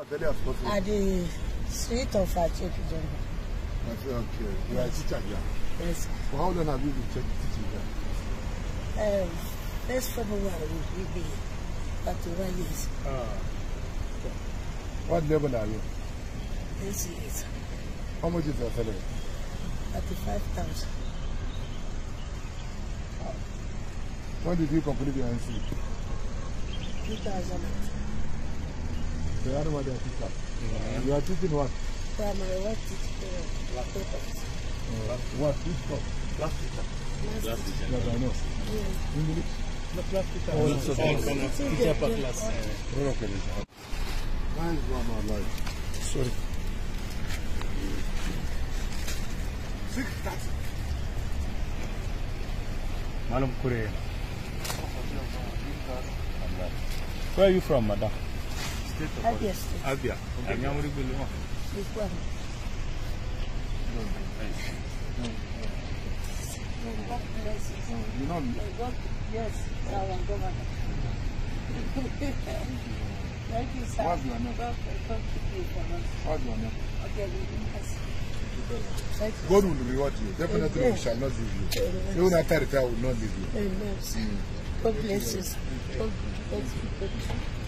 At the street of Achek Jumbo. Okay, okay. You are a teacher here? Yes. For how long have you been teaching here? Um, first February will be about one years. Ah. What level are you? This years. How much is your salary? 35,000. When did you complete your NC? 2008. The other one that is up. Yeah. You are teaching what? Primary, what purpose? Uh, what is what? Plastic. Plastic. Yes, I know. Yeah. English? No, plastic. Oh, it's a teacher per class. Okay. Why is one more life? Sorry. Six thousand. Malam Korea. Where are you from, madam? state of Abia Abia. Yes, God, yes. will reward you. Definitely, Amen. we shall not leave you. Amen. Even after retire, we will not leave you. Amen. Oh, God bless you. God bless you.